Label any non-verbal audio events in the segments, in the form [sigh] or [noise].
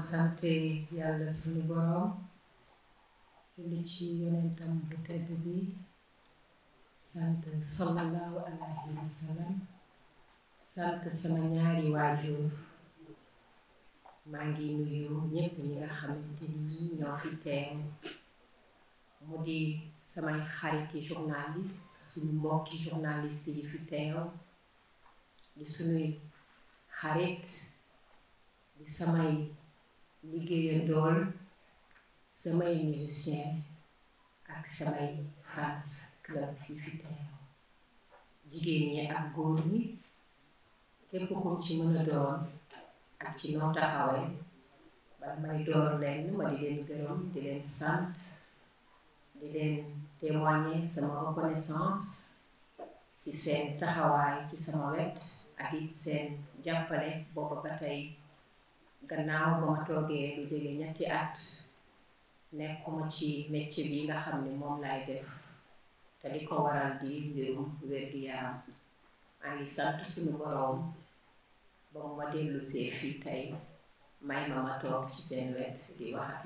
sante yàlla suñu boroom julli ci yonentam bu tedd bi sant sallallahu alayhi wa sama ñaari waajur maa ngi nuyu ñépp ñi nga xamante ni ñoo fi teew mu di samay xariti journaliste suñu mbokki journaliste yi fi teew di suñuy xarit di samay liggéeyandool samay musicien ak samay fans club fii fi teew jigéen ñi ak góor ñi képp ku ci mën a doon ak ci noo taxawee ba may door leen ma di leen gërëm di leen sant di leen témoigner sama reconnaissance ci seen taxawaay ci sama wet ak it seen jàppale booba ba tey gannaaw ba ma toogee lu jege ñetti at nekkuma ci métier bi nga xam ni moom laay def te li ko waral di mbirum wér-gu-yaram maa ngi sant suñu boroom ba mu ma dellu fii tey may ma ma toog ci seen wet di wax ak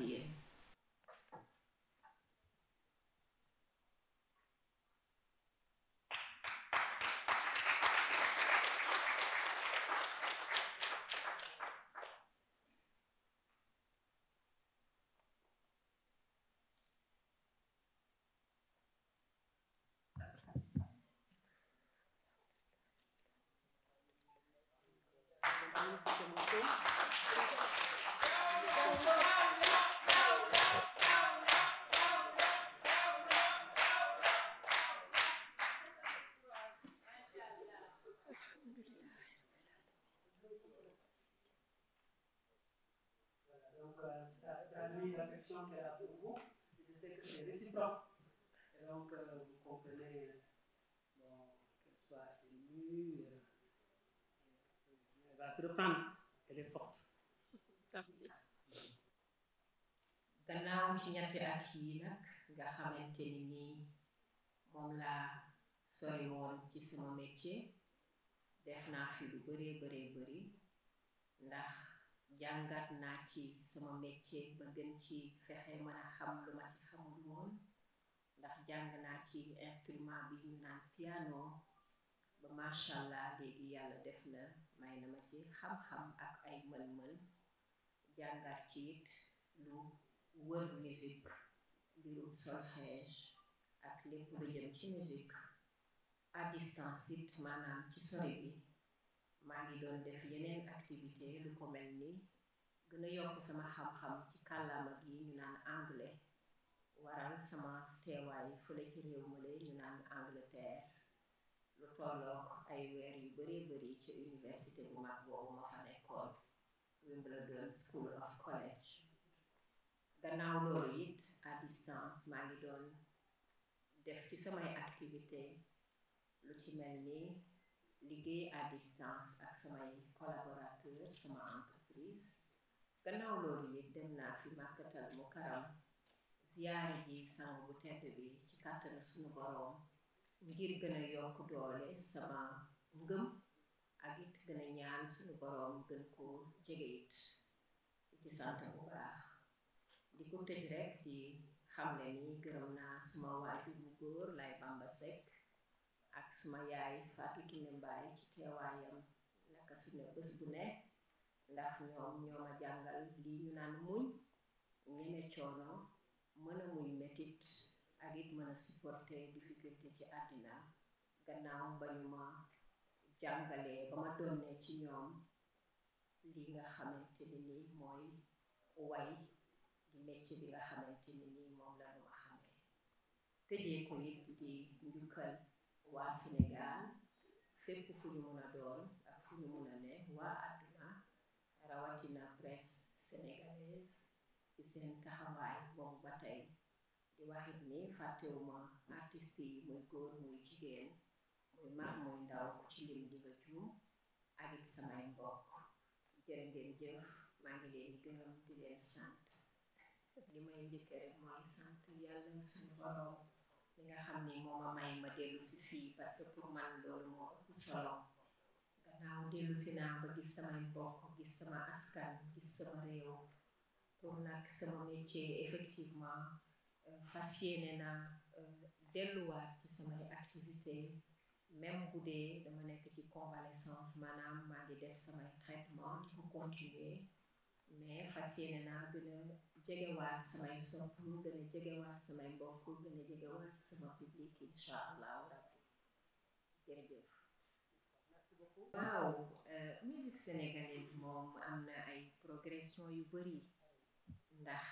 Merci beaucoup. se reprendre. ci ñetti at yii nag nga xamante nii moom laa sori woon ci sama métier def naa fi lu bëree bëree bëri ndax jàngat naa ci sama métier ba gën ci fexe mën xam lu ma ci xamul woon ndax jàng naa ci instrument bi ñu naan piano ba macha léegi yàlla def na may na ma ci xam-xam ak ay mën-mën jàngat ci it lu wër musique mbirum solfège ak lépp lu jëm ci musique à distance maanaam ci sori bi maa ngi doon def yeneen activité lu ko mel ni gën a yokk sama xam-xam ci kàllaama gi ñu naan anglais waral sama teewaay fële ci réew ma ñu naan Angleterre lu tolloog ay weer yu bëree bëri ci université bu mag boobu moo fa nekkoon Wimbledon School of College gannaaw loolu it à distance maa ngi doon def ci samay activité lu ci mel ni liggéey à distance ak samay collaborateurs sama entreprise gannaaw loolu it dem naa fi màkkatal mu karam ziyaare ji sangu bu tedd bi ci kàttanu suñu boroom ngir gën a yokk doole sama ngëm ak it gën a ñaan suñu boroom gën ko jege it ci sant bu baax di ko tëj rek di xam ne ni gërëm naa suma waajur bu góor lay Bamba Seck ak suma yaay Fatou Kiné Mbaye ci teewaayam naka suñu bés bu ne ndax ñoom ñoo ma jàngal lii ñu naan muñ ñeme coono mën a muñ metit ak it mën a supporter difficulté ci àddina gannaaw ba ñu ma jàngalee ba ma donnee ci ñoom li nga xamante ni mooy way di métier bi nga xamante ni nii moom la ñu ma xamee ko it di njukkal waa Sénégal fépp fu ñu mun a doon ak fu ñu mun a ne waa àdduna rawatina presse sénégalaise ci seen taxawaay boobu ba tey di waxit ni fàttewuma artiste yi muy góor muy jigéen muy mag muy ndaw ci lim di nga juum ak samay mbokk jërë nga xam ni moo ma may ma dellu si fii parce que pour man loolu moo ëpp solo gannaaw dellu si naa ba gis samay mbokk gis sama askan gis sama réew pour nag sama métier effectivement Euh, fas yéene naa euh, delluwaat ci samay activité même bu dama nekk ci convalescence maanaam maa ngi def samay traitement di continuer mais fas naa gën a jegewaat samay sopp gën jegewaat samay mbokk gën jegewaat sama public incha allahu rabbi waaw euh, musique sénégalaise moom am na ay progression yu bëri ndax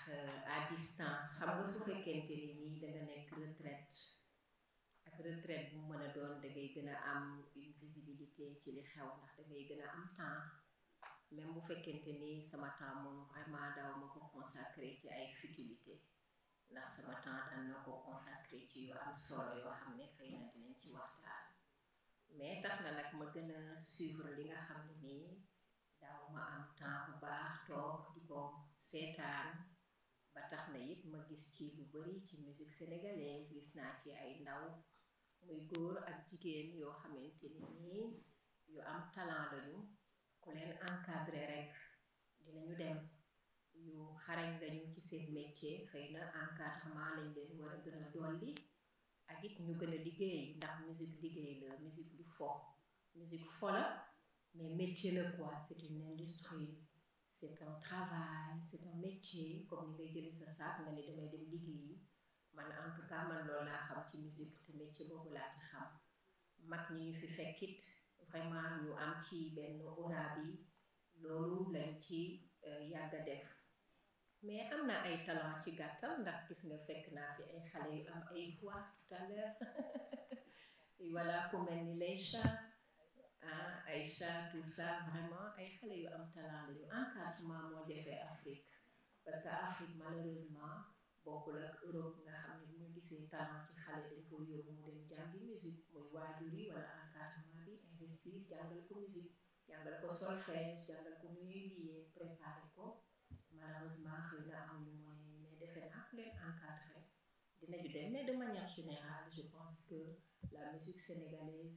à eh, distance xam nga su fekkente ni nii danga nekk retraite ak retraite bu mën a doon dangay gën a am une visibilité ci li xew ndax dangay gën a am temps même bu fekkente ni sama temps moom vraiment daaw ma ko consacré ci ay futilité ndax sama temps daan na ko consacré ci yu am solo yoo xam ne xëy na dinañ ci waxtaan mais tax na nag ma gën a suivre li nga xam ne nii daaw ma am temps bu baax toog di ko seetaan ba tax na it ma gis ci lu bari ci musique sénégalaise gis naa ci ay ndaw muy góor ak jigéen yoo xamante ni nii yu am talent lañu ku leen encadré rek dinañu dem yu xarañ lañu ci seen métier xëy na encadrement lañ leen war a gën a dolli ak it ñu gën a liggéey ndax musique liggéey la musique du fo musique fo la mais métier la quoi c'est une industrie c'est un travail c'est un métier comme ni ngay jëlee sa saak nga ne damay dem liggéeyi man en tout man loolu laa xam ci musique te métier boobu laa xam mag ñi ñu fi fekkit vraiment ñu am ci benn aura loolu lañ ci euh, yàgg def mais am na ay talent ci gàttal ndax gis nga fekk naa fi ay xale yu am ay voix tout à l'heure [laughs] voilà ku mel ni Laycha ah Aïcha sa ça vraiment ay xale yu am talent lañu encadrement moo defee Afrique parce que Afrique malheureusement bokkul ak Europe nga xam ne ñu gisee talent ci xale dañ ko yóbbu mu dem jàngi musique muy waajur yi wala encadrement bi investir jàngal ko musique jàngal ko solfège jàngal ko mu ñuy liyee préparé ko malheureusement xëy na amuñu moyen mais defe naa ku leen encadré dinañu dem mais de manière générale je pense que la musique sénégalaise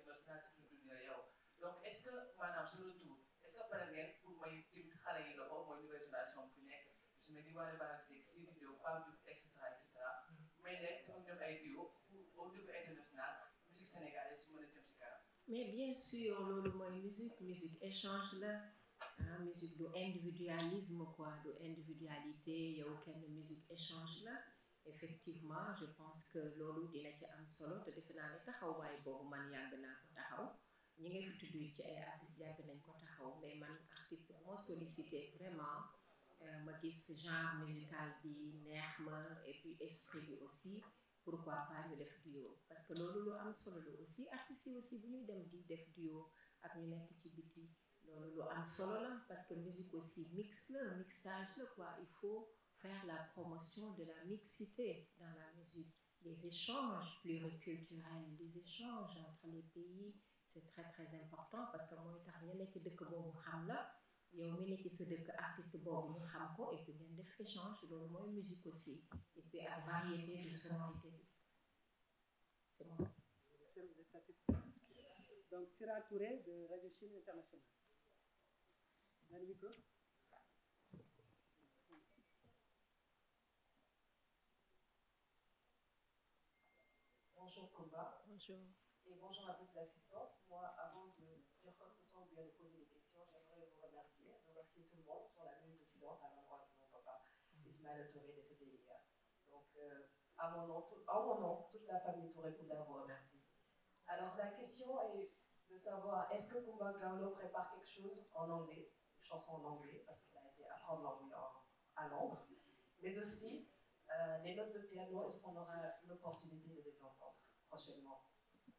suñu tour est-ce que pare ngeen pour may tamit xale yi loxo mooy diversification bu nekk su ma di si kanam. mais bien sûr loolu musique échange la musique du individualisme quoi du individualité yow kenn musique échange la. effectivement je pense que loolu dina ci am solo te defe naa ne taxaw waaye boobu man yàgg naa ko taxaw ñi ngay tudd ci ay artistes yàgg nañ ko taxaw mais man artiste moo sollicité vraiment euh, ma gis genre musical bi neex ma et puis esprit bi aussi pourquoi pas ñu def duo parce que loolu lu am solo la ñuy dem di def ak ñu nekk ci lu am solo la parce que musique aussi mix la mixage la quoi il faut faire la promotion de la mixité dans la musique les échanges pluriculturels les échanges entre les pays c'est très très important parce que mooy tax ñu nekk dëkk boobu xam la yow mi nekk sa dëkk artiste boobu ñu xam ko et puis ngeen def échange loolu mooy musique aussi et puis ak variété de sonorité bi c'est bon. donc Sira Touré de Radio Chine Internationale. bonjour à toute l'assistance. avant de dire quoi que ce ou bien de poser des questions, j'aimerais vous remercier, remercier tout le monde pour la minute de silence à l'endroit de mon papa Ismaël Touré décédé hier. Donc, euh, toute la famille Touré Kounda vous remercie. la question est de savoir est-ce que Kumba prépare quelque chose en anglais, une en anglais, parce qu'il a été apprendre l'anglais à Londres, mais aussi euh, les notes de piano,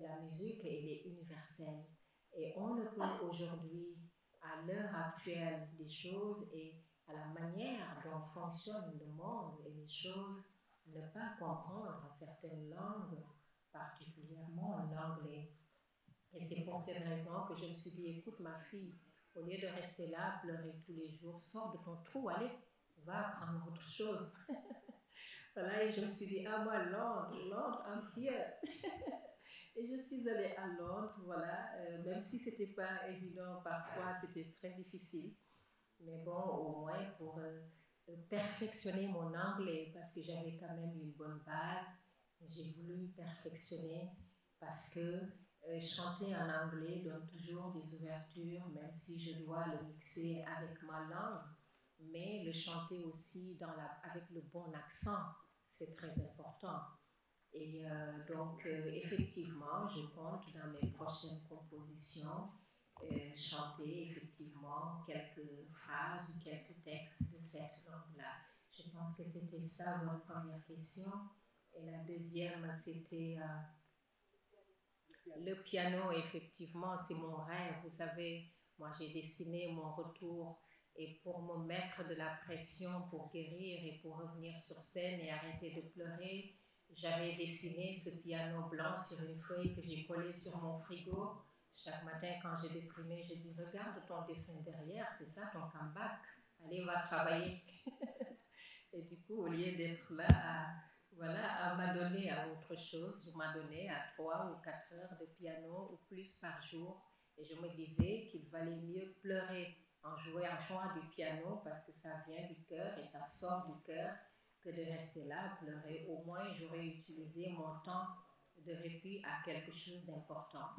la musique, elle est universelle. Et on le peut aujourd'hui, à l'heure actuelle des choses et à la manière dont fonctionne le monde et les choses, ne pas comprendre certaines langues, particulièrement l'anglais. Et c'est pour cette raison que je me suis dit, écoute ma fille, au lieu de rester là, pleurer tous les jours, sors de ton trou, allez, va apprendre autre chose. [laughs] voilà, et je me suis dit, ah moi, Londres, Londres entière. [laughs] Et je suis allée à Londres, voilà, euh, même si ce n'était pas évident parfois, c'était très difficile. Mais bon, au moins pour euh, perfectionner mon anglais, parce que j'avais quand même une bonne base, j'ai voulu perfectionner parce que euh, chanter en anglais donne toujours des ouvertures, même si je dois le mixer avec ma langue, mais le chanter aussi dans la, avec le bon accent, c'est très important. Et euh, donc, euh, effectivement, je compte dans mes prochaines compositions euh, chanter effectivement quelques phrases ou quelques textes de cette langue-là. Je pense que c'était ça votre première question. Et la deuxième, c'était euh, le piano, effectivement, c'est mon rêve. Vous savez, moi j'ai dessiné mon retour et pour me mettre de la pression pour guérir et pour revenir sur scène et arrêter de pleurer J'avais dessiné ce piano blanc sur une feuille que j'ai collée sur mon frigo. Chaque matin, quand j'ai déprimé, j'ai dit Regarde ton dessin derrière, c'est ça ton comeback. Allez, va travailler. [laughs] Et du coup, au lieu d'être là à, voilà, à à autre chose, je m'adonnais à trois ou quatre heures de piano ou plus par jour. Et je me disais qu'il valait mieux pleurer en jouant, en jouant du piano parce que ça vient du cœur et ça sort du cœur que de rester là à pleurer. Au moins, j'aurais utilisé mon temps de répit à quelque chose d'important.